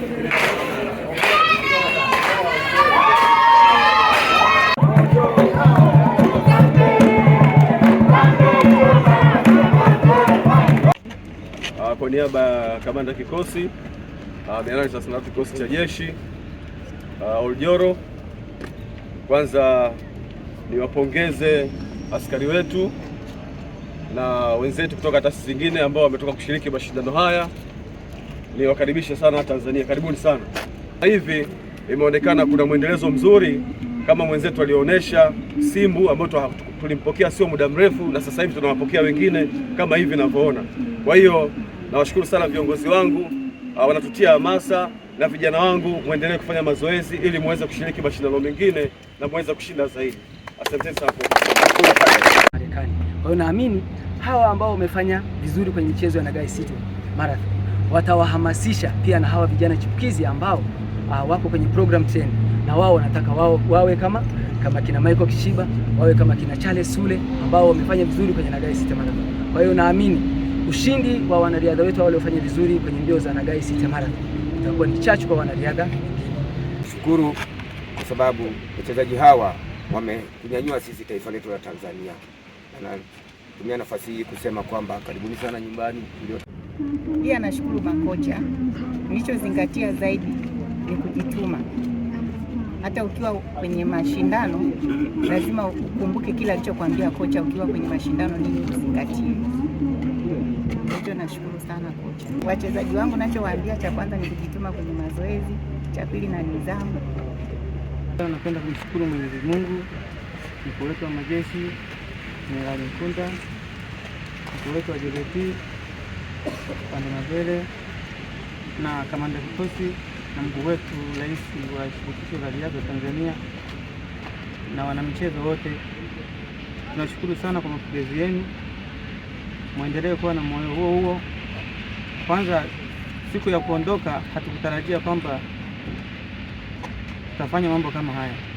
Ah, kwa niaba ya kamanda kikosi uh, kikosi cha jeshi ah, Oljoro, kwanza niwapongeze askari wetu na wenzetu kutoka taasisi zingine ambao wametoka kushiriki mashindano haya niwakaribishe sana Tanzania, karibuni sana. Hivi imeonekana kuna mwendelezo mzuri kama mwenzetu alionyesha Simbu ambao tulimpokea sio muda mrefu, na sasa hivi tunawapokea wengine kama hivi ninavyoona. Kwa hiyo nawashukuru sana viongozi wangu, ah, wanatutia hamasa na vijana wangu, mwendelee kufanya mazoezi ili muweze kushiriki mashindano mengine na muweze kushinda zaidi. Asante sana Marekani. Kwa hiyo naamini hawa ambao wamefanya vizuri kwenye michezo ya Nagai City Marathon watawahamasisha pia na hawa vijana chipukizi ambao uh, ah, wako kwenye program ten na wao wanataka wao, wawe kama kama kina Michael Kishiba wawe kama kina Charles Sule ambao wamefanya vizuri kwenye Nagai City Marathon. Kwa hiyo naamini ushindi wa wanariadha wetu waliofanya vizuri kwenye mbio za Nagai City Marathon itakuwa ni chachu kwa wanariadha wengine. Shukuru kwa sababu wachezaji hawa wamekunyanyua sisi taifa letu la Tanzania, na tumia nafasi hii kusema kwamba karibuni sana nyumbani. Pia nashukuru makocha, nilichozingatia zaidi ni kujituma. Hata ukiwa kwenye mashindano lazima ukumbuke kila alichokwambia kocha, ukiwa kwenye mashindano nini uzingatie. Hicho nashukuru sana kocha. Wachezaji wangu nachowaambia, cha kwanza ni kujituma kwenye mazoezi, cha pili na nidhamu. Napenda kumshukuru Mwenyezi Mungu, mkuu wetu wa majeshi Jenerali Mkunda, mkuu wetu wa JKT upande mbele na kamanda kikosi na mkuu wetu rais wa shirikisho la riadha Tanzania na wanamichezo wote, tunashukuru sana kwa mapokezi yenu. Mwendelee kuwa na moyo huo huo. Kwanza siku ya kuondoka, hatukutarajia kwamba tutafanya mambo kama haya.